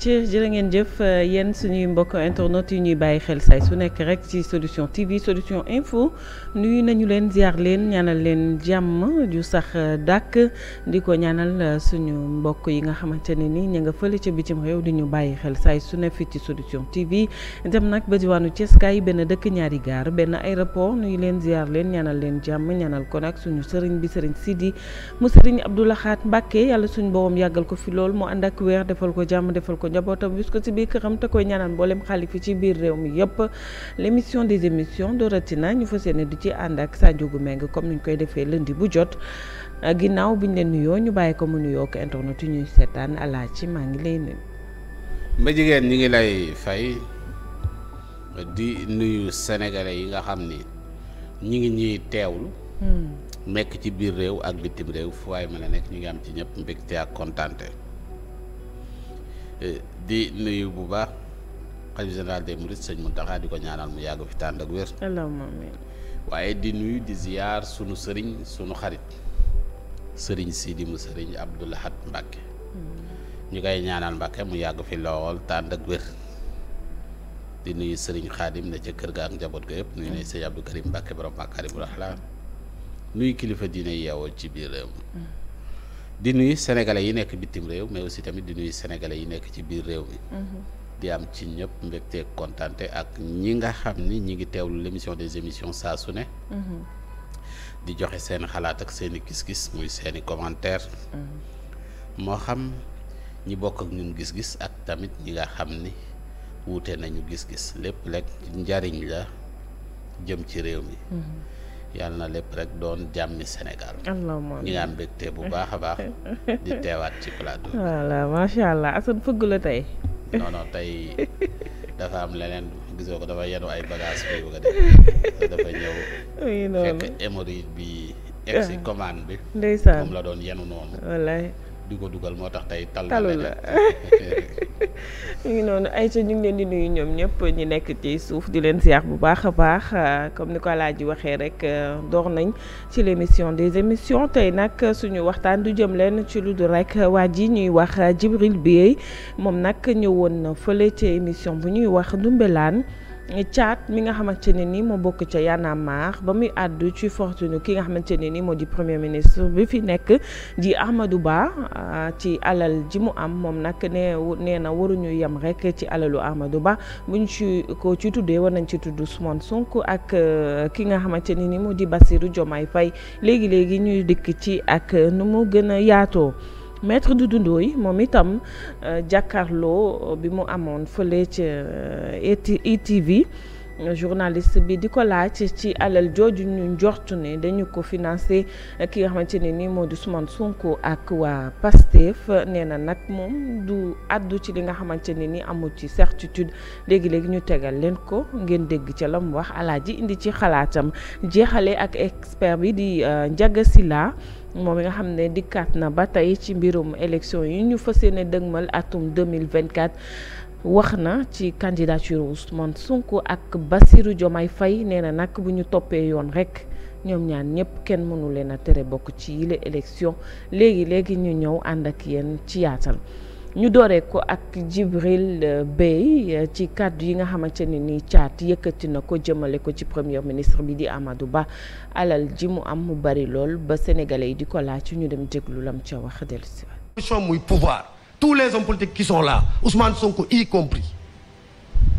ci jërë ngeen jëf euh, yéen suñuy mbokk internet yi ñuy bàyyi xel say su nekk rek ci solution TV solution info nuyu nañu leen ziar leen ñaanal leen jàmm ju sax euh, dàkk di ko ñaanal euh, suñu mbokk yi nga xamante ne ni ña nga fële ca bitim réew di ñu bàyyi xel say su ne ci solution TV dem nag ba diwaanu Thiès kaay benn dëkk ñaari gaar benn aéroport nuyu leen ziar leen ñaanal leen jàmm ñaanal ko nag suñu sëriñ bi sëriñ Sidi mu sëriñ Abdou Lahat Mbacke yàlla suñu borom yàggal ko fi lool mu ànd ak weer defal ko jàmm defal ko njabootam wis ko ci biir këram te koy ñanaan mboolem xalif ci biir réew mi yëpp l' émission des émissions Doratina ñu fas yéene di ci ànd ak Sadio Goumengue comme ni ñu koy defee lundi bu jot ak ginnaaw bi ñu leen nuyoo ñu bàyyi ko mu nuyoo ak internet yi ñuy seetaan alaa ci maa ngi lay nuyu. mba jigéen ñi ngi lay fay di nuyu sénégalais yi nga xam ni ñi ngi ñuy teewlu. Hmm. nekk ci biir réew ak bitim réew fu waaye mën la nekk ñu ngi am ci ñëpp mbégte ak kontaante Eh, di nuyu bu baax xalifa général des mourides sëñ Mountakha di ko ñaanal mu yàgg fi tànd ak wér. waaye di nuyu di ziyaar sunu sëriñ sunu xarit sëriñ Sidi mu sëriñ Abdoul Ahad Mbacke. Hmm. ñu koy ñaanal Mbacke mu yàgg fi lool tànd ak wér. di nuyu sëriñ Xaadim ne ca kër ga ak njaboot ga yëpp nuyu ne sëñ Abdou Karim Mbacke borom Makarimu Rahla hmm. nuyu kilifa diine yeewoo ci biir di nuyu sénégalais yi nekk bitim réew mais aussi tamit di nuyu sénégalais yi nekk ci biir réew mi. Mm-hmm. di am ci ñëpp mbégte kontante ak ñi nga xam ni ñi ngi teewlu l'émission des émissions saa su ne. Mm-hmm. di joxe seen xalaat ak seen i gis-gis muy seen commentaire mm-hmm. moo xam ñi bokk ak ñun gis-gis ak tamit ñi nga xam ni wuute nañu gis-gis lépp lekk njariñ la jëm ci réew mi. yàlla na lépp rek doon jàmmi Sénégal. allahumma ñu ngi am mbégte bu baax a baax. di teewaat ci plateau. voilà macha allah Assane fëgg la tey. non tey dafa am leneen gisoo ko dafa yenu ay bagages bi nga def dafa ñëw. fekk hémorroïde bi. egg si ah. commande bi. moom la doon yenu noonu. wallaay. di ko dugal moo tax tey tal la ñu ngi noonu ay ñu ngi leen di nuyu ñoom ñëpp ñi nekk ci suuf di leen siyaar bu baax a baax euh, comme ni ko ji waxee rek euh, door nañ ci l' émission des émissions tey nag suñu waxtaan du jëm leen ci lu dul rek waa ji ñuy wax Djibril Bièye moom nag ñëwoon na fële ci émission bu ñuy wax dumbelaan caat mi nga xamante ne ni moo bokk ca Y'en a marre ba muy àddu ci fortune ki nga xamante ne ni moo di premier ministre bi fi nekk di Amadou Ba ah, ci alal ji mu am moom nag nee nee na waruñu yem rek ci alalu Amadou Ba buñ ci ko ci tuddee war nañ ci tudd Ousmane Sonko ak euh, ki nga xamante ne ni moo di Bassirou Diomaye Faye léegi léegi ñu dikk ci ak nu mu gën a yaatoo. maître Doudou Ndoye moom itam euh, jàkkaarloo bi mu amoon fële ca ITV euh, e e journaliste bi di ko laaj ci alal jooju ñu njortu ne dañu ko financé ki nga xamante ne ni moo di Ousmane Sonko ak waa Pastef nee na nag moom du àddu ci li nga xamante ne nii amul ci certitude léegi léegi ñu tegal leen ko ngeen dégg ca la mu wax alaaji indi ci xalaatam jeexale ak expert bi di euh, Ndiaga Sylla moom yi nga xam ne dikkaat na ba tey ci mbirum élection yi ñu fas yéene dëgmal atum 2024 wax na ci candidature Ousmane Sonko ak Bassirou Diomaye Faye nee na nag bu ñu toppee yoon rek ñoom ñaan ñëpp kenn mënu leen a tere bokk ci yile élection léegi léegi ñu ñëw ànd ak yéen ci yaatal ñu dooree ko ak Djibril euh, Bey euh, ci kàddu yi nga xamante ne ni caat yëkkati na ko jëmale ko ci premier ministre bi di Amadou Ba alal ji mu am mu bari lool ba sénégalais yi di ko laaj ñu dem déglu lam ca wax dellusi son muy pouvoir tous les hommes politiques qui sont là Ousmane Sonko y compris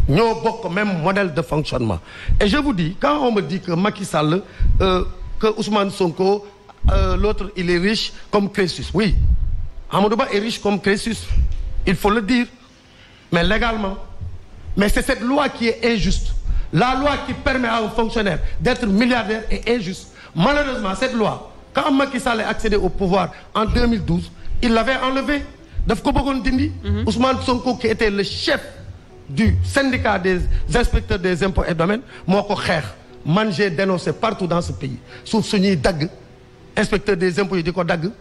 ñoo bokk même modèle de fonctionnement et je vous dis quand on me dit que Macky Sall euh, que Ousmane Sonko euh, l'autre il est riche comme Crésus oui Amadou Ba est riche comme Crésus il faut le dire mais légalement mais c'est cette loi qui est injuste la loi qui permet à un fonctionnaire d'être milliardaire est injuste malheureusement cette loi quand Macky Sall est accédé au pouvoir en 2012 il l'avait enlevée daf ko bëggoon dindi mhm. Ousmane Sonko qui était le chef du syndicat des inspecteurs des impôts et domaines moo ko xeex man j'ai dénoncé partout dans ce pays suuf suñuy dagg inspecteur des impôts yi di ko dagg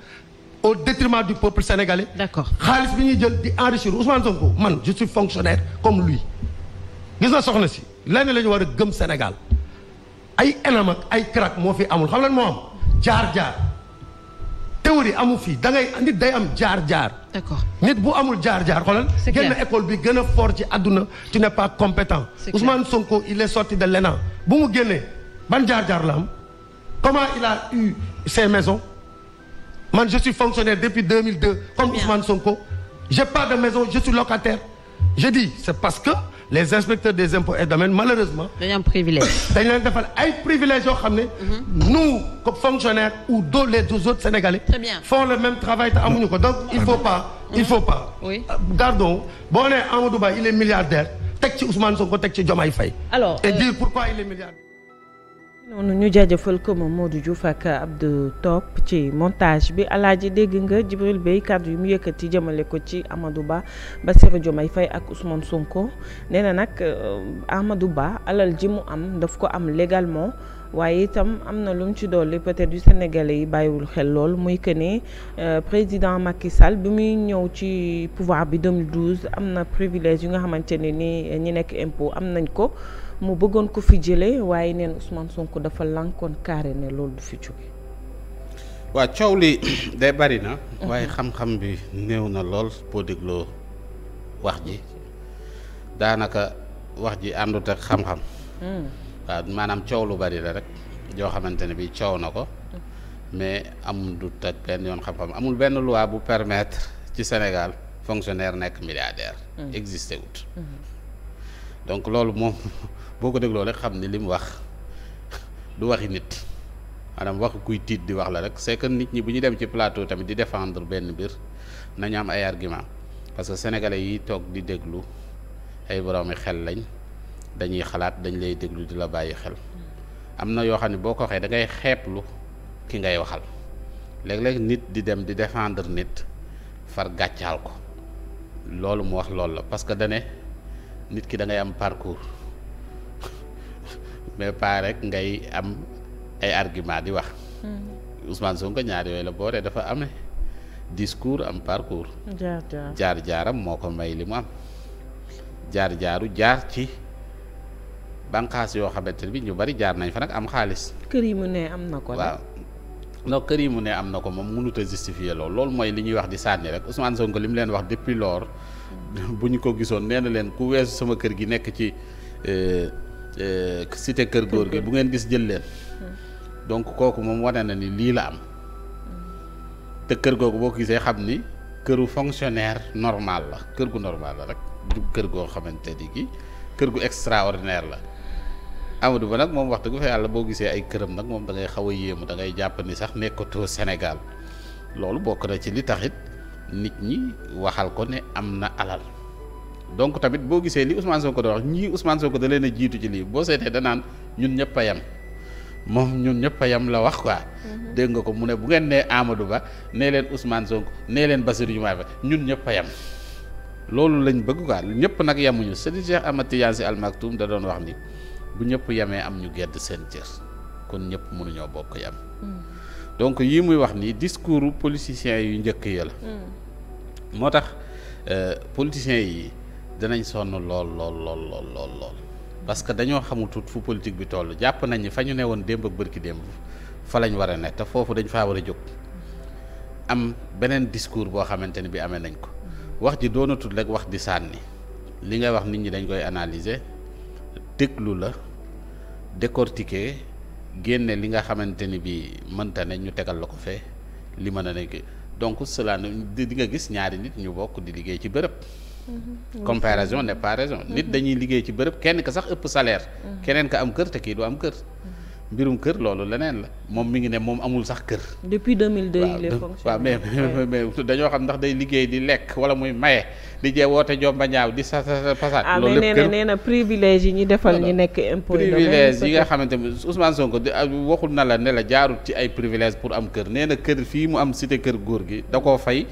au détriment du peuple sénégalais. d'accord xaalis bi ñuy jël di enrichir Ousmane Sonko man je suis fonctionnaire comme lui. gis na soxna si lenn la lañu war a gëm Sénégal ay enam ak ay crack moo fi amul xam lan moo am jaar-jaar théorie amu fii da ngay nit day am jaar-jaar. d'accord nit bu amul jaar-jaar xoolal. c'est génn école bi gën a fort ci àdduna tu n'es pas compétent. Ousmane Sonko il est sorti de l'ENA bu mu génnee ban jaar-jaar la am comment il a eu ses maisons. man je suis fonctionnaire depuis comme Ousmane Sonko j'ai pas de maison je suis locataire je dis c'est parce que les inspecteurs des impôts et domaines malheureusement dañu am privilège dañ leen defal ay privilèges yoo xam ne mhm. nous comme fonctionnaires ou do les deux autres Sénégalais font le même travail te amuñu ko donc il faut pas il mhm. faut pas gardons boo nee Amadou Ba il est milliardaire teg ci Ousmane Sonko teg ci Diomaye Faye alors et euh, dire pourquoi il est milliardaire noonu ñu jaajëfal ko moom Modou Diouf ak Abdou Top ci montage bi ji dégg nga Jibril Bey kàddu yu mu yëkkati jëmale ko ci Amadou Ba Bassirou Diomaye fay ak Ousmane Sonko nee na nag euh, Amadou Ba alal ji mu am daf ko am légalement waaye itam am na lu ci dolli peut-être yu Sénégalais yi bàyyiwul xel lool muy que ne euh, président Macky Sall bi muy ñëw ci pouvoir bi 2012 am na privilège yu nga xamante ne ni ñi nekk impôt am nañ ko. mu bëggoon ko fi jëlee waaye neen Ousmane Sonko dafa lànkoon carré ne loolu du fi jóge waa coow li day bari na waaye xam-xam bi néew na lool boo dégloo wax ji daanaka wax ji àndut ak xam-xam hmm. waaw maanaam coow lu bari la rek joo xamante ne bi coow na ko mais amul du tak benn yoon xam-xam amul benn loi bu permettre ci Sénégal fonctionnaire nekk milliardaire hmm. existé wut hmm. donc loolu moom boo ko dégloo rek xam ni li mu wax du waxi nit maanaam wax kuy tiit di wax la rek sekk nit ñi bu ñu dem ci plateau tamit di défendre benn mbir nañu am ay argument parce que sénégalais yi toog di déglu ay boroomi xel lañ dañuy xalaat dañ lay déglu di la bàyyi xel am na yoo xam ne boo ko waxee da ngay xeeblu ki ngay waxal léeg-léeg nit di dem di défendre nit far gàccaal ko loolu mu wax loolu la parce que dane nit ki da ngay am parcours mais pas rek ngay am ay argument di wax. Hmm. Ousmane Sonko ñaar yooyu la booree dafa am discours am parcours. jaar jaar jaaram moo ko may li mu am jaar jaaru jaar ci bànqaas yoo xamante ne bi ñu bari jaar nañ fa nag am xaalis. kër yi mu nee am na ko waaw donc kër yi mu ne am na ko moom mënut a justifier loolu loolu mooy li ñuy wax di sànni rek Ousmane ko li mu leen wax depuis lors hmm. bu ñu ko gisoon nee na leen ku weesu sama kër gi nekk ci. Euh, Eh, cité kër góor gi bu ngeen gis jël leen hmm. donc kooku moom wane na ni lii la am hmm. te kër googu boo ko gisee xam ni këru fonctionnaire normal la kër gu normal la rek du kër goo xamante ni gi kër gu extraordinaire la Amadou Ba nag moom wax dëgg fa yàlla boo gisee ay këram nag moom da ngay xaw a yéemu dangay jàpp ni sax nekkatoo Sénégal loolu bokk na ci li taxit nit ñi waxal ko ne am na alal donc tamit boo gisee li Ousmane Sonko doon wax ñii Ousmane Sonko da leen a jiitu ci lii boo seetee danaan ñun ñëpp a yem moom ñun ñëpp a yem la wax quoi. Mhm. dégg nga ko mu ne bu ngeen nee Amadou Ba nee leen Ousmane Sonko nee leen Bassirou Diomaye Faye ñun ñëpp a yem. loolu lañ bëgg quoi ñëpp nag yemuñu Serigne Cheikh Ahmad Tidiane Sy Al da doon wax ni bu ñëpp yemee am ñu gedd seen cër kon ñëpp mënuñoo bokk yem. Mhm. donc yii muy wax ni discours politiciens yu njëkk yi la. Mhm. moo tax euh, politiciens yi. danañ sonn lool lool lool lool lool parce que dañoo xamul tuut fu politique bi toll jàpp nañ ni fa ñu ne woon démb ak bërki démb fa lañ war a ne te foofu dañ faa war a jóg am beneen discours boo xamante ni bi amee nañ ko wax ji doonatul rek wax di sànni li ngay wax nit ñi dañ koy analyser déglu la décortiquer génne li nga xamante ni bi mënta ne ñu tegal la ko fee li mën a nekk donc cela di nga gis ñaari nit ñu bokk di liggéey ci bërëb Mm-hmm. comparaison n'est pas raison nit mm-hmm. dañuy liggéey ci bërëb kenn ka sax ëpp salaire mm-hmm. keneen ka am kër te kii du am kër mbirum kër loolu leneen la moom mi ngi ne moom amul sax kër. depuis 2002 il est fonctionnaire waaw mais mais day liggéey di lekk wala muy maye di jee woote jomba ñaaw di sa sa fasaat. Ah, loolu lépp kër ah yi ñu defal ñu nekk impôt privilège yi nga xamante ne Ousmane ah, na la ne la jaarut ci ay privilège pour am kër nee na fii mu am cité kër góor gi da koo fay.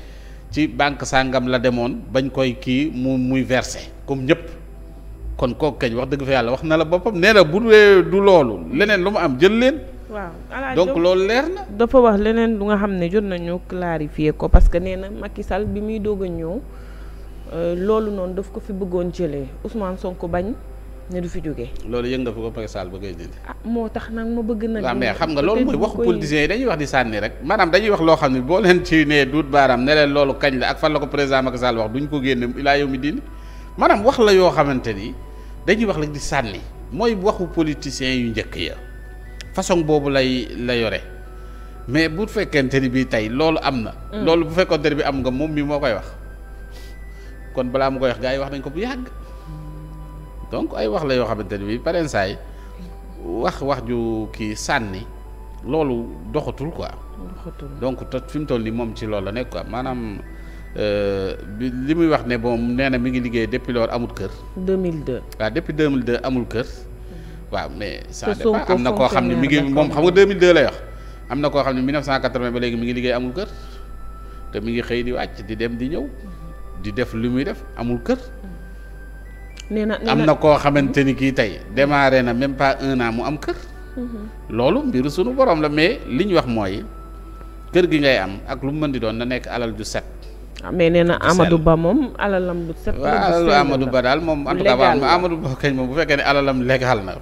ci banque sàngam la demoon bañ koy kii mu muy versé comme ñëpp kon kook kañ wax dëgg fa yàlla wax na la boppam nee na bu dee du loolu leneen lu mu am jël leen. waaw donc loolu leer na. dafa wax leneen lu nga xam ne jot nañu clarifier ko parce que nee na Macky Sall bi muy doog a ñëw euh, loolu noonu daf ko fi bëggoon jëlee Ousmane Sonko bañ. ne du fi jóge loolu yëg nga fi ko Macky saal ba koy dindi. Ah, moo tax nag ma bëgg nag. waaw mais xam nga loolu mooy waxu politiciens yi dañuy wax di sànni rek maanaam dañuy wax loo xam ne boo leen ci nee duut baaraam ne leen loolu kañ la ak fan la ko président Macky Sall wax duñ ko génne ilaa yow mi diin maanaam wax la yoo xamante ni dañuy wax rek di sànni mooy waxu politiciens yu njëkk ya façon boobu lay la yore mais bu fekkente ni bii tey loolu am na. Mm. loolu bu fekkoonte ni bi am nga moom mi moo koy wax kon balaa mu koy wax gars yi wax nañ ko bu yàgg. donc ay wax la yoo xamante ne bii pareen saay wax wax ju kii sànni loolu doxatul quoi. doxatul donc tot fi mu toll nii moom ci loolu la nekk quoi maanaam euh, bi li muy wax ne bon nee na mi ngi liggéey depuis loolu amul kër. 2002 waaw depuis 2002 amul kër. waaw mais ça dépend am na koo xam ne mi ngi moom xam nga 2002 lay wax am na koo xam ne 1980 ba léegi mi ngi liggéey amul kër te mi ngi xëy di wàcc di dem di ñëw di def li muy def amul kër. nee na am na koo xamante ni kii tey démarré na même pas un an mu am kër. Mhm. loolu mbiru sunu borom la mais li ñu wax mooy kër gi ngay am ak lu mu mën di doon na nekk alal ju set. Ah, mais nee na Amadou Ba moom alalam du set. waaw alalu Amadou Ba daal moom en tout cas Amadou Ba kañ moom bu fekkee ne alalam légal na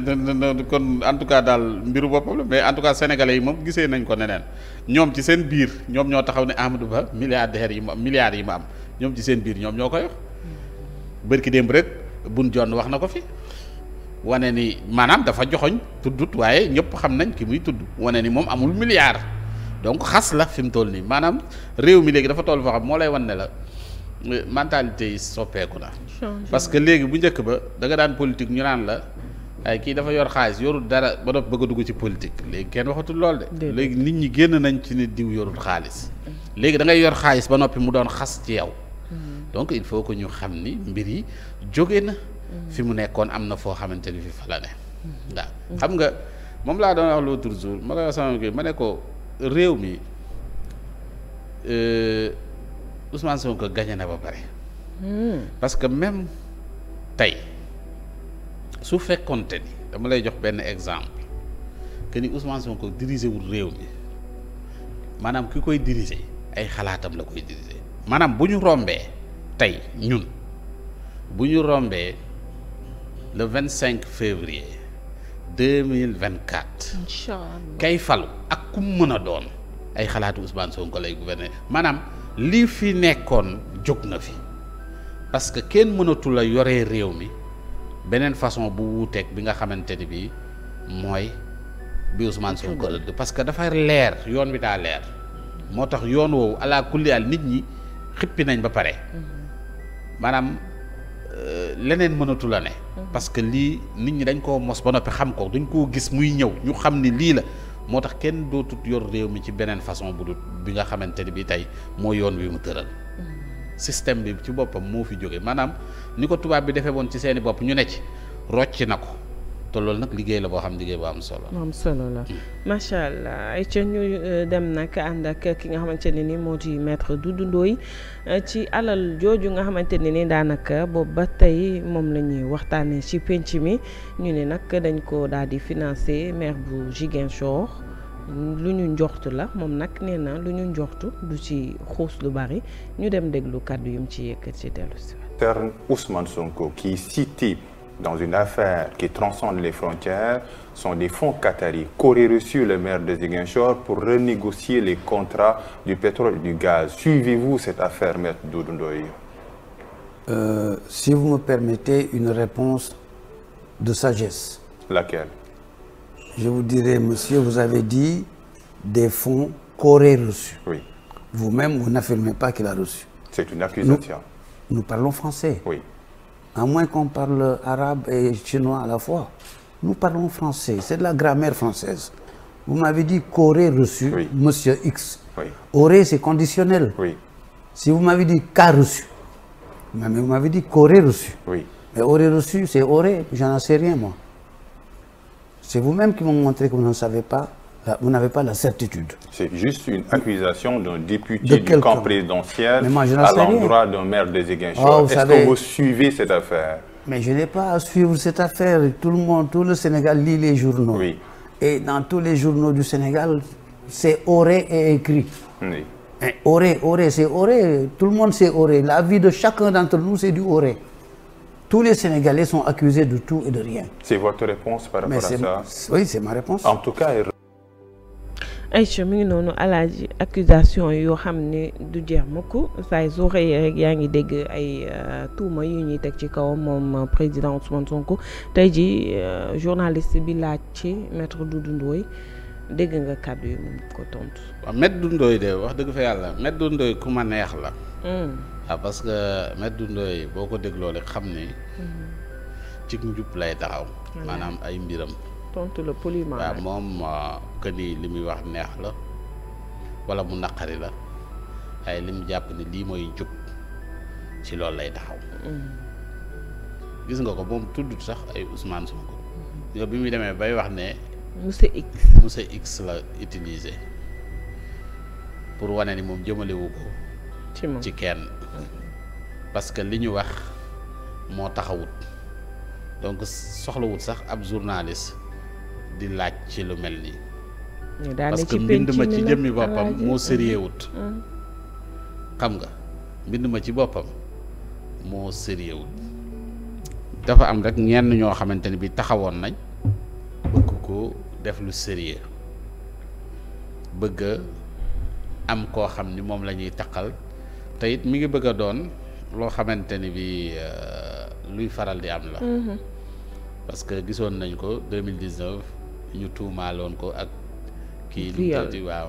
kon en tout cas daal mbiru boppam la mais en tout yi moom gisee nañ ko neneen ñoom ci seen biir ñoom ñoo taxaw ne Amadou Ba milliardaires yi mu am milliards yi mu am ñoom ci seen biir ñoom ñoo koy wax bërki démb rek bun jonn wax na ko fi wane ni maanaam dafa joxoñ tuddut waaye ñëpp xam nañ ki muy tudd wane ni moom amul milliard donc xas la fi mu toll nii maanaam réew mi léegi dafa toll foo xam moo lay wan ne la euh, mentalité yi soppeeku na parce que léegi bu njëkk ba da nga daan politique ñu naan la ay kii dafa yor xaalis yorul dara ba dopp bëgg a dugg ci politique léegi kenn waxatul lool de léegi nit ñi génn nañ ci ne diw yorul xaalis léegi da ngay yor xaalis ba noppi mu doon xas ci yow donc il faut que ñu xam ni mbir yi jóge na. Mm-hmm. fi mu nekkoon am na foo xamante ni fi fa la ne. Mm-hmm. waaw mm-hmm. xam nga moom laa doon wax l'autre jour ma koy wax sama ma ne ko réew mi euh, Ousmane Sonko gagné na ba pare. Mm. parce que même tey su fekkonte ni dama lay jox benn exemple que ni Ousmane Sonko dirigé wul réew mi maanaam ki koy dirise ay xalaatam la koy diriger maanaam bu ñu rombee. tey ñun bu ñu rombee le vingt cinq février deux mille vingt quatre. incha allah kay falu ak ku mën a doon ay xalaatu Ousmane Sonko lay gouverner maanaam lii fi nekkoon jóg na fi parce que kenn mënatul a yore réew mi beneen façon bu wuuteeg bi nga xamante ni bii mooy bi Ousmane Sonko la parce que dafa leer yoon bi daa leer moo tax yoon woowu ala kulli al nit ñi xippi nañ ba pare. Mhm. maanaam euh, leneen mënatu la ne. Mhm. parce que lii nit ñi dañ koo mos ba noppi xam ko duñ koo gis muy ñëw ñu xam ni lii la moo tax kenn dootut yor réew mi ci beneen façon bu dul bi nga xamante ni bi tey moo yoon wi mu tëral. Mhm. système bi ci boppam moo fi jóge maanaam ni ko tubaab bi defee woon ci seeni bopp ñu ne ci rocc na ko. te loolu nag liggéey la boo xam liggéey boo am solo. am solo la macha allah ay ca ñu euh, dem nag ànd ak ki nga xamante ne ni moo di maître du Ndoye euh, ci alal jooju nga xamante ne ni daanaka boobu ba tey moom lañuy ñuy waxtaanee ci pénc mi ñu ne nag dañ ko daal di financer maire bu Ziguinchor lu ñu njoxtu la moom nag nee lu ñu njoxtu du ci xuus lu bari ñu dem déglu kàddu yum ci yëkkat ci dellu si. Ousmane Sonko qui cite dans une affaire qui transcende les frontières sont des fonds qataris qu'aurait reçu le maire de Ziguinchor pour renégocier les contrats du pétrole et du gaz. Suivez-vous cette affaire, maître Doudou Ndoye? Euh, si vous me permettez une réponse de sagesse. Laquelle? Je vous dirais, monsieur, vous avez dit des fonds qu'aurait reçus. Oui. Vous-même, vous n'affirmez pas qu'il a reçu. C'est une accusation. Nous, nous parlons français. Oui. à moins qu'on parle arabe et chinois à la fois. Nous parlons français, c'est de la grammaire française. Vous m'avez dit qu'aurait reçu monsieur X. Oui. c'est conditionnel. Si vous m'avez dit qu'a reçu, mais vous m'avez dit qu'aurait reçu. Oui. sais rien C'est vous-même qui m'ont montré que vous n'en savez pas. Là, vous n'avez pas la certitude. C'est présidentiel moi, l'endroit d'un maire des Ziguinchor. Ah, Est-ce que vous suivez cette affaire Mais je n'ai pas à suivre cette affaire. Tout le monde, tout le Sénégal lit les journaux. Et dans tous les journaux du Sénégal, c'est oré et écrit. Oui. Tout le monde c'est oré. La vie de chacun d'entre nous, c'est du oré. Tous les Sénégalais sont accusés de tout et de rien. C'est votre réponse par rapport à ça réponse. En tout cas, Aïcha mi ngi noonu alaaji accusation yoo xam ne du jeex mukk saa soo xëyee rek yaa ngi dégg ay euh, tuuma yu ñuy teg ci kawam moom euh, président Ousmane Sonko tey jii euh, journaliste bi laaj ci maître du Ndoye dégg nga kàddu yi moom ko tontu. waaw maître de wax dëgg fa yàlla maître Doudou Ndoye ku ma neex la. waaw hmm. ah, parce que maître Doudou boo ko dégloo rek xam ne. Hmm. ci njub lay taxaw. maanaam ay mbiram. tontu la poliment waaw moom euh, que ni li muy wax neex la walla mu naqari la waaye li mu jàpp ni lii mooy jub ci loolu lay taxaw. Mm-hmm. gis nga ko moom tudd sax ay Ousmane Sonko. nga mm-hmm. bi muy demee bay wax ne. monsieur X. la utiliser pour wane ni moom jëmalewu ko. ci moom ci kenn. parce que li ñu wax moo taxawut donc soxlawut sax ab journaliste di laaj ci lu mel nii. parce que mbind ma ci jëmmi boppam moo sérieux wut mm. mm. xam nga mbind ma ci boppam moo sérieux wut dafa am rek ñenn ñoo xamante ni bi taxawoon nañ bëgg ko def lu sérieux bëgg am koo xam ni moom lañuy ñuy taqal te mi ngi bëgg a doon loo xamante ni bi euh, luy faral di am la mm-hmm. parce gisoon nañ ko ñu tuumaaloon ko ak kii luti waaw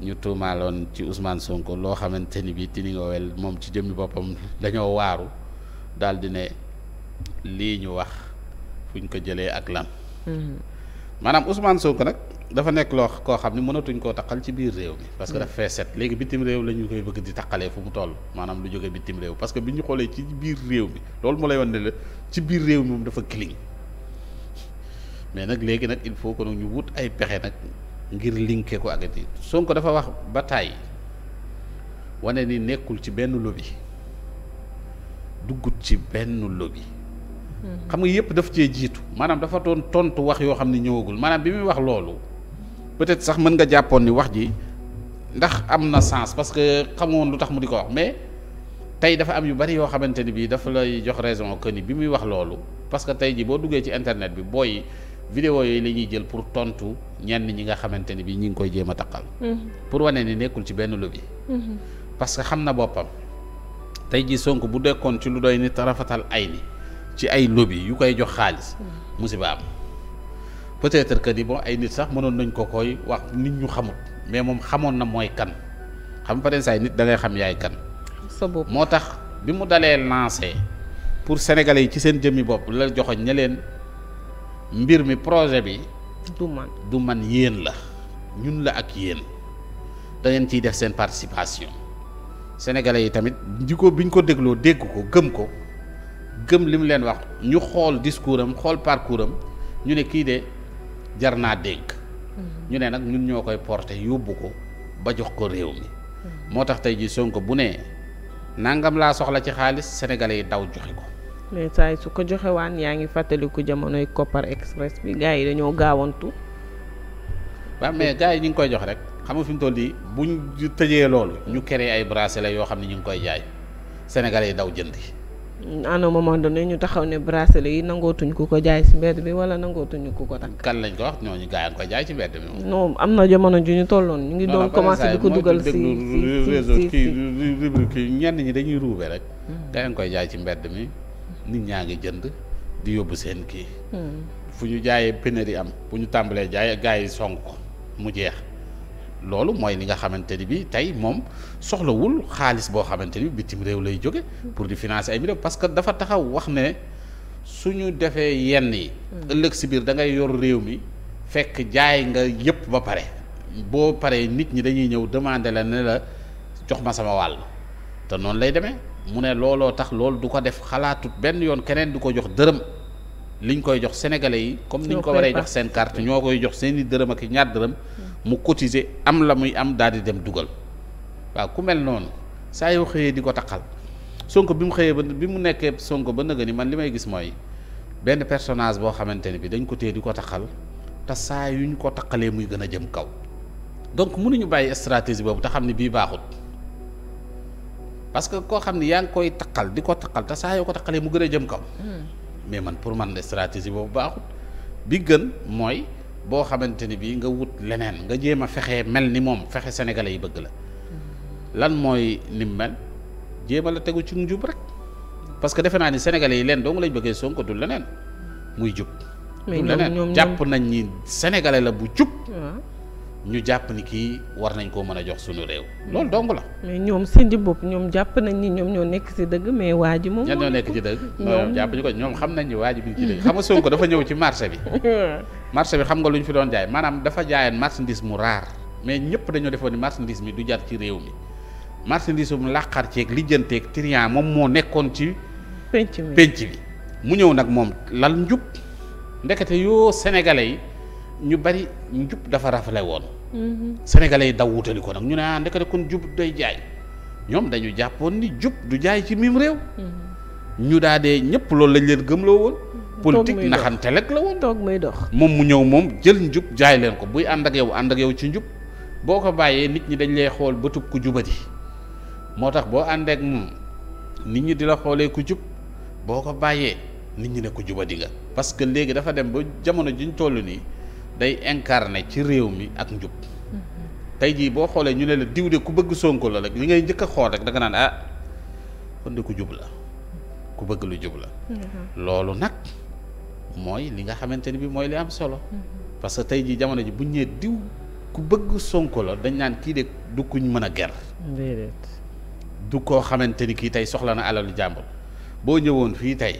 ñu tuumaaloon ci Ousmane Sonko loo xamante ni bii Tini Ngowel moom ci jëmmi boppam dañoo waaru daal di ne lii ñu wax fuñ ko jëlee ak lan mm-hmm. maanaam Ousmane Sonko nag dafa nekk loo koo xam ne mënatuñ koo taqal ci biir réew mi parce que mm-hmm. dafa fee set léegi bitim réew la ñu koy bëgg di taqalee fu mu toll maanaam lu jógee bitim réew parce que bi ñu xoolee ci biir réew mi loolu mu la wan ne la ci biir réew mi moom dafa kiliñ mais nag léegi nag il faut que ñu wut ay pexe nag ngir linké ko ak di Sonko dafa wax ba tàyyi wane ni nekkul ci benn lobby duggut ci benn lobby. Hmm. xam nga yëpp daf cee jiitu maanaam dafa doon tontu wax yoo xam ne ñëwagul maanaam bi muy wax loolu peut-être sax mën nga jàppoon ni wax ji ndax am na sens parce que xamoon lu tax mu di ko wax mais tey dafa am yu bari yoo xamante ni bii dafa lay jox raison que ni bi muy wax loolu parce que tey ji boo duggee ci internet bi booy. vidéo yooyu la ñuy jël pour tontu ñenn ñi nga xamante ni bi ñi ngi koy jéem a taqal. Mm-hmm. pour wane ni nekkul ci benn lobby. Mm-hmm. parce que xam na boppam tey jii sonk bu dekkoon ci lu doy ni tarafatal ay ni ci ay lobby yu koy jox xaalis. Mm-hmm. musiba am peut-être que ni bon ay nit sax mënoon nañ ko koy wax nit ñu xamut mais moom xamoon na mooy kan xam pare say nit da ngay xam yaay kan. moo tax bi mu dalee lancé pour sénégalais yi ci seen jëmmi bopp la joxoñ ña leen. mbir mi projet bi. du man du man yéen la ñun la ak yéen dangeen ciy def seen participation sénégalais yi tamit di ko biñ ko dégloo dégg ko gëm ko gëm li mu leen wax ñu xool discours am xool parcours am ñu ne kii de jar naa dégg mm-hmm. ñu ne nag ñun ñoo koy porté yóbbu ko ba jox ko réew mi. Mm-hmm. moo tax tey jii ko bu nee nangam laa soxla ci xaalis sénégalais yi daw joxe ko. mais saa su ko joxewaan yaa ngi fàttaliku jamonoy Kopar Express bi gars yi dañoo gaawantu. waaw mais gars yi ñu ngi koy jox rek xam nga fi mu bu ñu buñ tëjee loolu. ñu créé ay bracelet yoo xam ne ñu ngi koy jaay sénégalais yi daw jëndi. à un moment donné ñu taxaw ne bracelet yi nangootuñ ku ko jaay ci mbedd bi wala nangootuñu ku ko takk. kan lañ ko wax ñoo gaa yi koy jaay ci mbedd bi. non am na jamono ju ñu tolloon. ñu ngi doon commencé di ko dugal ci ci ci ci réseau kii rubrique ñenn ñi dañuy ruube rek. Hmm. gaa yi koy jaay ci mbedd mi. nit ñaa ngi jënd di yóbbu seen kii. Hmm. fu ñu jaayee pénurie am bu ñu tàmbalee jaay gars yi sonk ko mu jeex loolu mooy li nga xamante ni bi tey moom soxlawul xaalis boo xamante bi bitim réew lay jóge pour di financer ay milieu parce que dafa taxaw wax ne suñu defee yenn yi. Hmm. ëllëg si biir da ngay yor réew mi fekk jaay nga yëpp ba pare boo paree nit ñi dañuy ñëw demander la ne la jox ma sama wàll te noonu lay demee. mu ne looloo tax loolu du ko def xalaatut benn yoon keneen du ko jox dërëm liñ koy jox sénégalais yi comme niñ ko waree jox seen carte ñoo koy jox seen i dërëm ak ñaar dërëm mu cotiser am la muy am daal di dem dugal waaw ku mel noonu saa yoo xëyee di ko taqal sonko bi mu xëyee ba bi mu nekkee sonk ba nëga man li may gis mooy benn personnage boo xamante ne bi dañ ko téye di ko taqal te saa yu ñu ko taqalee muy gën a jëm kaw donc mënuñu bàyyi stratégie boobu te xam ne bii baaxut parce que koo xam ne yaa ngi koy taqal di ko taqal te saa yoo ko taqalee mu gën a jëm kaw. Hmm. mais man pour man la stratégie boobu baaxul bi gën mooy boo xamante ni bii nga wut leneen nga jéem a fexe mel ni moom fexe sénégalais yi bëgg la. Hmm. lan mooy nim mel jéem a la tegu ci njub rek parce que defe naa ni sénégalais yi leen dong lañ bëggee Sonko du leneen muy jub. mais ñoom ñoom jàpp nañ nii sénégalais la bu jub. ñu jàpp ni kii war nañ koo mën a jox suñu réew. loolu dong la. mais ñoom seen di bopp ñoom jàpp nañ ni ñoom ñoo nekk ci dëgg mais waa ji moom. ñan ñoo nekk ci dëgg. ñoom jàpp ñu ko ñoom xam nañ ni waa bi ci dëgg. xam nga ko dafa ñëw ci marché bi. marché bi xam nga lu ñu fi doon jaay maanaam dafa jaayoon marchandise mu raar mais ñëpp dañoo defoon ni marchandise mi du jar ci réew mi marchandise mu làqar ceeg lijjanteeg trian moom moo nekkoon ci. penc bi bi mu ñëw nag moom lal njub ndekete yoo sénégalais yi ñu bari njub dafa rafale woon. Mm-hmm. sénégalais yi daw wutali ko nag ñu ne ah ndekete kon jub day jaay ñoom dañu jàppoon ni jub du jaay ci miim réew. Mm-hmm. ñu daa dee ñëpp loolu lañ leen gëmloo woon. Mm-hmm. politique naxante lekk la woon. toog muy dox moom mu ñëw moom jël njub jaay leen ko buy ànd ak yow ànd ak yow ci njub boo ko bàyyee nit ñi dañ lay xool bëtub ku jubati moo tax boo àndeek moom nit ñi di la xoolee ku jub boo ko bàyyee nit ñi ne ko jubadi nga. parce que léegi dafa dem ba jamono jiñ toll nii. day incarné ci réew mi ak njub tey jii boo xoolee ñu ne la diw de ku bëgg sonko la rek li ngay jëkk a xool rek danga naan ah kon ku jub la ku bëgg lu jub la mm-hmm. loolu nag mooy li nga xamante ni bi mooy li am solo mm-hmm. parce que tey jii jamono ji buñ ñee diw ku bëgg sonko la dañ naan kii de du kuñ mën a ger du koo xamante ni kii tey soxla na alalu jàmbur boo ñëwoon fii tey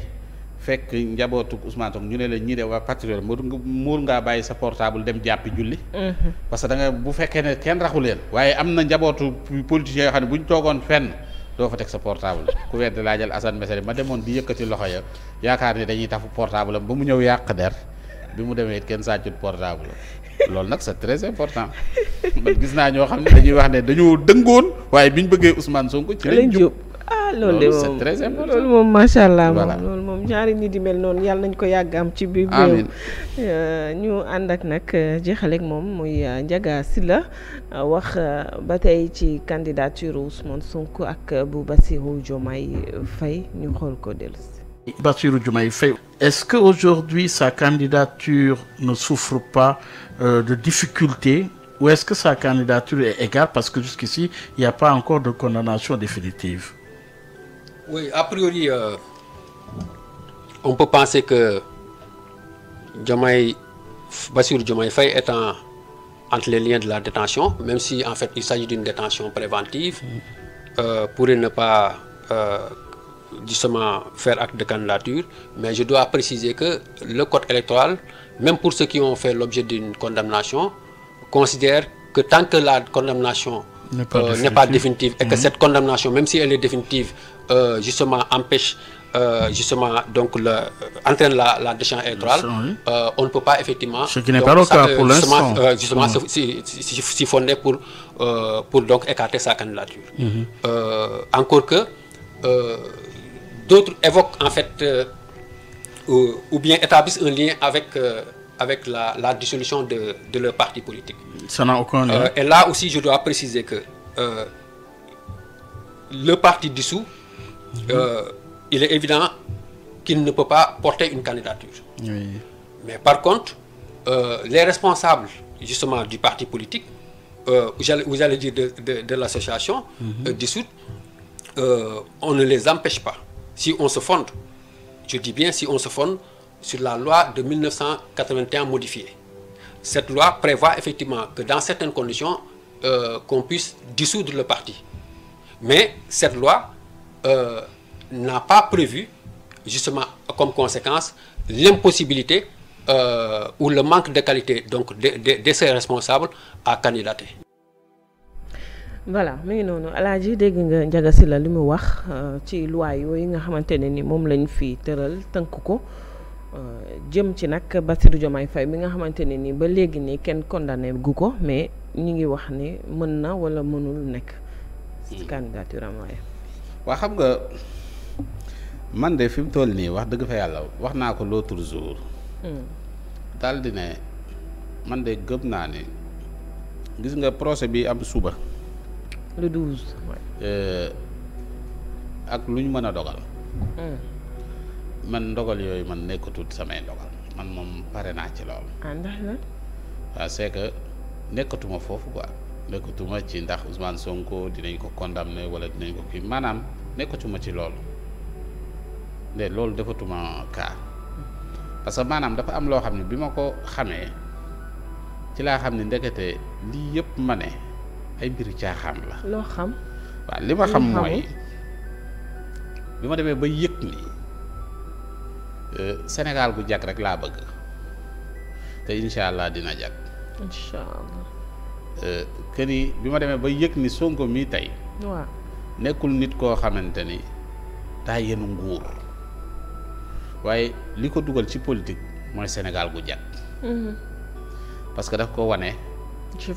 fekk njabootu Ousmane Sonko ñu ne la ñii de waa patriote muur ngaa bàyyi sa portable dem jàppi julli. Mhm. parce que da bu fekkee ne kenn raxu leen. waaye am na njabootu politiciens yoo xam ne bu ñu toogoon fenn doo fa teg sa portable ku wedd laa jël Assane Mesere ma demoon di yëkkati loxo ya yaakaar ne dañuy tafu portable am ba mu ñëw yàq der bi mu demee it kenn sàccut portable loolu nag c'est très important man gis naa ñoo xam ne dañuy wax ne dañoo dëngoon waaye bi ñu bëggee Ousmane loolu de moom loolu macha allah moom loolu moom ñaari nit di mel noonu yàlla nañ ko yàgg am ci biir réew euh, ñu ànd ak nag euh, jeexaleeg moom muy euh, Ndiaga la wax ba tey ci candidature Ousmane Sonko ak bu Bassirou Diomaye Faye ñu xool ko dellusi Bassirou Diomaye Faye est-ce que aujourd'hui sa candidature ne souffre pas euh, de difficultés ou est-ce que sa candidature est égale parce que jusqu'ici il n'y a pas encore de condamnation définitive Oui, a priori, euh, on peut penser que Diomaye, Bassirou Diomaye Faye est en, entre les liens de la détention, même si en fait il s'agit d'une détention préventive, mm. euh, pourrait ne pas euh, justement faire acte de candidature, mais je dois préciser que le code électoral, même pour ceux qui ont fait l'objet d'une condamnation, considère que tant que la condamnation n'est pas, euh, pas définitive et mhm. cette condamnation, même si elle est définitive, euh, justement empêche euh, justement donc le, euh, entraîne la, la déchéance électorale, oui. on ne peut pas effectivement ce qui n'est pour l'instant justement, mmh. donc écarter sa candidature. Mhm. encore que d'autres évoquent en fait ou bien établissent un lien avec avec la, la dissolution de, de, leur parti politique. Ça n'a aucun lien. Euh, et là aussi, je dois préciser que euh, le parti dissous, mmh. euh, il est évident qu'il ne peut pas porter une candidature. Oui. Mais par contre, euh, les responsables justement du parti politique, euh, vous allez dire de, de, de l'association mmh. dissoute, on ne les empêche pas. Si on se fonde, je dis bien si on se fonde sur la loi de 1981 modifiée. Cette loi prévoit effectivement que dans certaines conditions, euh, qu'on puisse dissoudre le parti. Mais cette loi euh, n'a pas prévu, justement comme conséquence, l'impossibilité euh, ou le manque de qualité donc de, de, de ses responsables à candidater. voilà mi ngi noonu alaaji dégg nga Ndiaga Sylla li mu wax euh, ci loi yooyu nga xamante ne ni moom lañ fi tëral tënk ko. Euh, jëm ci nag Bassirou Diomaye Faye bi nga xamante ne nii ba léegi nii kenn condamné gu ko mais ñu ngi wax ni mën na wala mënul nekk ci hmm. candidature waaye waa xam nga man de fi mu toll nii wax dëgg fa yàlla wax naa ko l'autre jour hmm. daal di ne man de gëm naa ne gis nga procès bi am suba le douze euh, ak lu ñu mën a dogal hmm. man ndogal yooyu man nekkatul samay ndogal man moom pare naa ci loolu. ah ndax la. waaw c'est nekkatuma foofu quoi nekkatuma ci ndax Ousmane Sonko dinañ ko condamné wala dinañ ko kii maanaam nekkatuma ci loolu de loolu defatuma cas parce que maanaam dafa am loo xam ne bi ma ko xamee ci laa xam ne ndekete lii yëpp ma ne ay mbiru caaxaan la. loo xam. waaw li ma xam mooy bi ma demee ba yëg nii. Euh, Sénégal gu jag rek laa bëgg te incha allah dina jag. incha allah. Euh, que ni bi ma demee ba yëg ni Sonko mii tey. nekkul nit koo xamante ni daa yenu nguur waaye li ko dugal ci politique mooy Sénégal gu jag. Mhm. parce que daf ko wane. je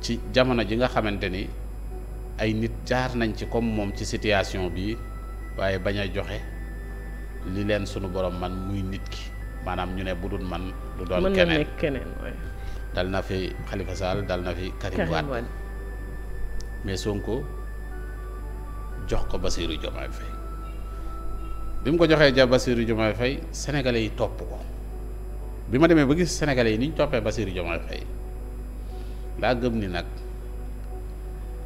ci jamono ji nga xamante ni ay nit jaar nañ ci comme moom ci situation bii waaye bañ a joxe. li leen sunu borom man muy nit ki maanaam ñu ne bu dul man du doon keneen keneen dal na fi Khalifa Sall dal na fi Karim Wade mais Sonko jox ko Bassirou Diomaye Faye bi mu ko joxee ja Bassirou fay Faye yi topp ko bi ma demee ba gis sénégalais yi ni toppee Bassirou Diomaye Faye daa gëm ni nag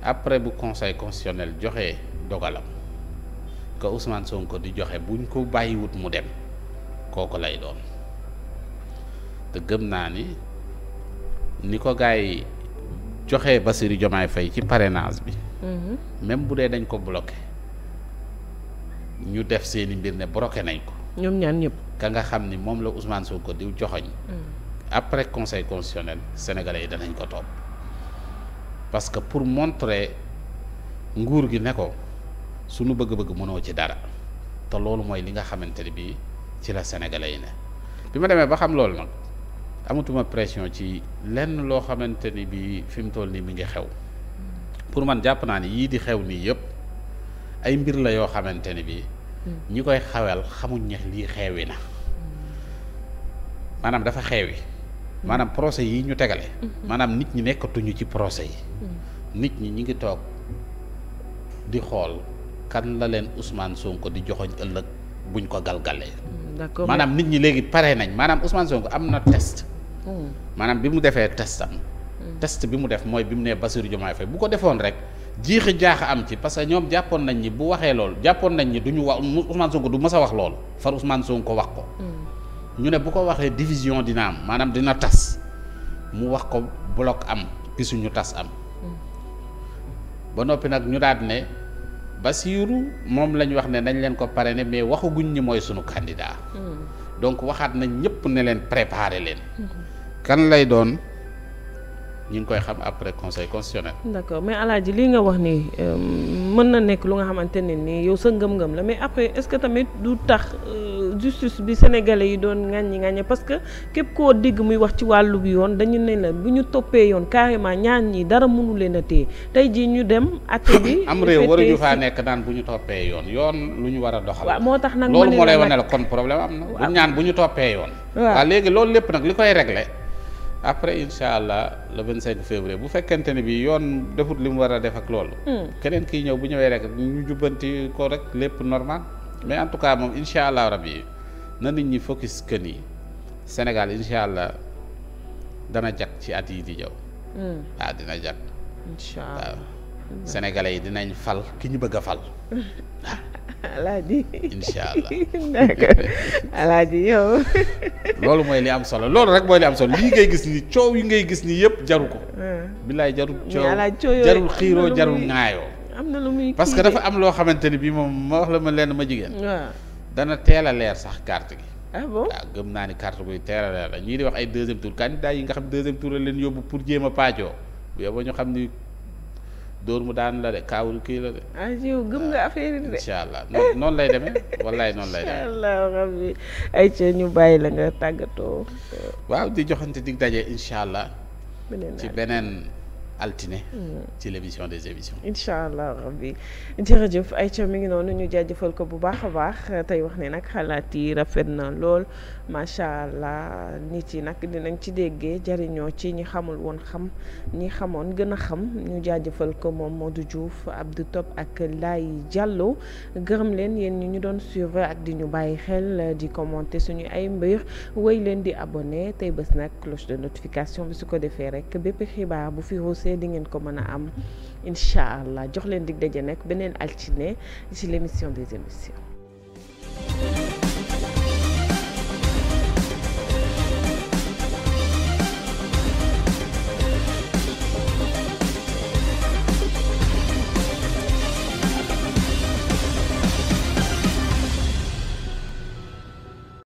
après bu conseil constitutionnel joxee dogalam ka Ousmane Sonko di joxe buñ ko bàyyiwut mu dem kooku lay doon te gëm naa ni ni ko gars yi joxe Bassirou Diomaye fay ci parrainage bi. Mhm. même bu dee dañ ko bloqué ñu def seeni mbir ne bloqué nañ ko. ñoom ñaan ñëpp. ka nga xam ni moom la Ousmane Sonko di joxoñ mhm. après conseil constitutionnel sénégalais yi danañ ko topp parce que pour montrer nguur gi ne ko. sunu bëgg-bëgg mënoo ci dara te loolu mooy li nga xamante ne bii ci la sénégalais yi ne bi ma demee ba xam loolu nag amatuma pression ci lenn loo xamante ni bii fi mu toll nii mi ngi xew pour man jàpp naa ne yii di xew nii yëpp ay mbir la yoo xamante ni bii. ñi koy xawel xamuñ ne lii xewi na maanaam dafa xewi. maanaam procès yi ñu tegale. maanaam nit ñi nekkatuñu ci procès yi. nit ñi ñu ngi toog di xool. kan la leen Ousmane Sonko di joxoñ ëllëg buñ ko galgalee. Mm, d'accord maanaam nit ñi léegi pare nañ maanaam Ousmane Sonko am na test. Mm. maanaam bi mu defee testam. Mm. test bi mu def mooy bi mu nee Bassirou Diomaye Faye bu ko defoon rek jiixi jaaxa am ci parce que ñoom jàppoon nañ ñi bu waxee loolu jàppoon nañ ni duñu ñu wax Ousmane Sonko du mës a wax loolu far Ousmane Sonko wax ko. ñu ne bu ko waxee division dina am maanaam dina tas mu wax ko bloc am gisuñu tas am. ba noppi nag ñu daal ne. Bassirou moom lañ wax ne dañ leen ko pare ne mais waxaguñ ni mooy sunu candidat. Hmm. donc waxaat nañ ñëpp ne leen préparer leen. Hmm. kan lay doon. ñu ngi koy xam après conseil constitutionnel. d'accord mais Alaaji lii nga wax nii euh, mën na nekk lu nga xamante ne nii yow sa ngëm-ngëm la mais après est-ce que tamit du tax euh, justice bi sénégalais yi doon ŋàññi ŋàññe parce que képp koo digg muy wax ci wàllu bi yoon dañu ne la bu ñu toppee yoon carrément ñaan ñi dara mënu leen a téye tey jii ñu dem. atte bi am réew waruñu faa nekk naan bu ñu toppee yoon yoon lu ñu war a doxal. waaw moo tax nag loolu moo lay wax la kon problème am na. waaw bu ñu toppee yoon. waaw loolu lépp nag li koy régler après incha allah le vingt cinq février bu fekkente ne bi yoon defut li mu war a def ak loolu. Hmm. keneen kiy ñëw bu ñëwee rek ñu jubbanti ko rek lépp normal mais en tout cas moom incha allah rabi na nit ñi fokkis que ni Sénégal incha allah dana jag ci at yi di ñëw. Hmm. ah dina jag. incha allah waaw yi dinañ fal ki ñu bëgg a fal. alaaji incha allah d'accord alaaji yow. loolu mooy li am solo loolu rek mooy li am solo li ngay gis ni coow yi ngay gis nii yëpp jaru ko. Ah. billaay jarul coow jarul xiiroo jarul ŋaayoo. am na lu parce que dafa am loo xamante ni bii moom ma wax la ma lenn ma jigéen. dana teel a leer sax carte gi. ah bon waaw gëm naa ni carte buy teel a leer la ñii di wax ay deuxième tour candidat yi nga xam deuxième tour la leen yóbbu pour jéema a paajoo bu yóbbu ñu xam ni. dóor mu daan la de kaawul kii la de. ah yow gëm nga ah, affaire de. incha allah noonu lay demee wallaay noonu lay demee. incha allah rabbi ay ca ñu bàyyi la nga tàggatoo. waaw di joxante dig daje incha allah. ci beneen. altine ci hmm. l'émission des émissions incha allah rabbi jërëjëf Aïcha mi ngi noonu ñu jaajëfal ko bu baax a baax tey wax ne nag xalaat yi rafet na lool macha allah nit yi nag dinañ ci déggee jariñoo ci ñi xamul woon xam ñi xamoon gën a xam ñu jaajëfal ko moom moo du Modou ab du Top ak lay jàlloo gërëm leen yéen ñi ñu doon suivre ak di ñu bàyyi xel di commenter suñu ay mbir wéy leen di abonné tey bés nag cloche de notification bi su ko defee rek bépp commencé di ngeen ko mën a am incha allah jox leen dig daje nekk beneen altine ci l' émission des émissions.